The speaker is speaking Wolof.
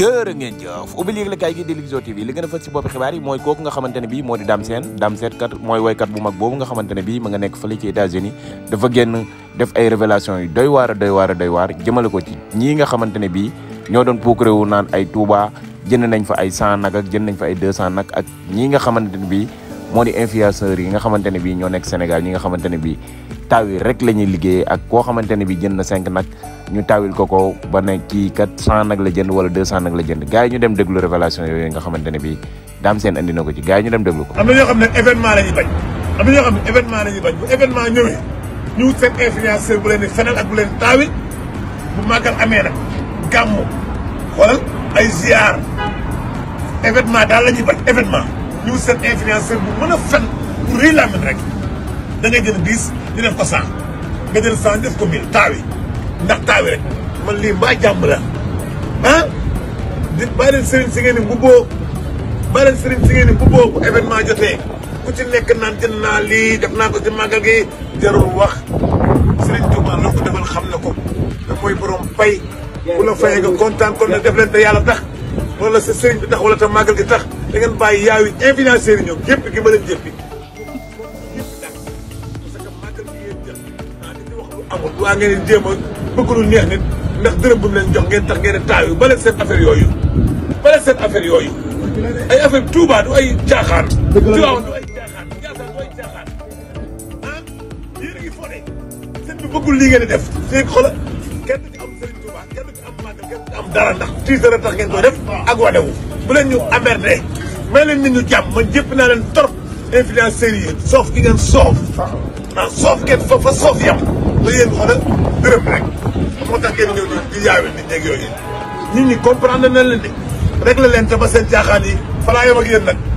jërë ngeen jëf ubbi léegi la kay gi di TV li gën a fës ci boppi xibaar yi mooy kooku nga xamante ne bii moo di Dame Sène Dame kat bu mag boobu nga xamante ne bii ma nga nekk fële ci États-Unis dafa génn def ay révélation yu doy waar a doy waar a doy waar jëmale ko ci ñii nga xamante ne bii ñoo doon puukare wu naan ay Touba jënd nañ fa ay 100 nag ak jënd nañ fa ay de 200 nag ak ñii nga xamante ne bii moo di influenceurs yi nga xamante ne bii ñoo nekk Sénégal ñi nga xamante ne bii taawil rek la ñuy liggéeyee ak koo xamante ne bii jënd na cinq nag ñu taawil ko ko ba ne kii kat cent nag la jënd wala deux cent nag la jënd gars yi ñu dem déglu révélation yooyu nga xamante ne bii daam seen andi ko ci gars yi ñu dem déglu ko. am xam ne événement xoolal ay événement daal la bañ événement. ñu wut seen influenceur bu mën a fen bu rëy laa mel rek da ngay jël dix def ko cent nga jël cent def ko mille taawi ndax taawi rek man lii mbaa jàmm la ah di bàyyi leen sëriñ si ngeen ni mbubboo bàyyi leen sëriñ si ngeen ni mbubboo bu événement jotee ku ci nekk naan jënd naa lii def naa ko ci màggal gi jarul wax sëriñ Tuubaa loolu ko defal xam na ko da mooy borom pay bu la fayee nga kontaan koon ne def leen te yàlla tax wala sa bi tax wala te màggal gi tax da ngeen bàyyi yaayu influenceurs yi ñoom jëpp gi ma leen jëppi yëpp nag parce que màggal gi ngeen jël ah dañuy wax lu amul waa ngeen jéem a bëgg lu neex nit ndax dërëm bu mu leen jox ngeen tax ngeen a taayu ba leen seen affaire yooyu ba leen seen affaire yooyu ay affaire Touba du ay caaxaan Tiwaawan du ay caaxaan Njaasaan du ay caaxaan ah yéen a ngi fone seen bi bëggul lii ngeen di def léegi xoolal kenn du ci am Serigne Touba kenn du ci am màggal kenn du ci am dara ndax tiisara tax ngeen koy def ak wadewu bu leen ñu emmerdé may leen nit ñu jàmm man jëpp naa leen trop influenceurs yi soof gi ngeen soof ah soof ngeen soof fa soof yam da yéen xoolal dërëm rek moo tax ngeen ñëw di di yaawe ni ñeeg yooyu nit ñi comprendre nañ leen de leen te ba seen jaaxaan falaa yam ak yéen nag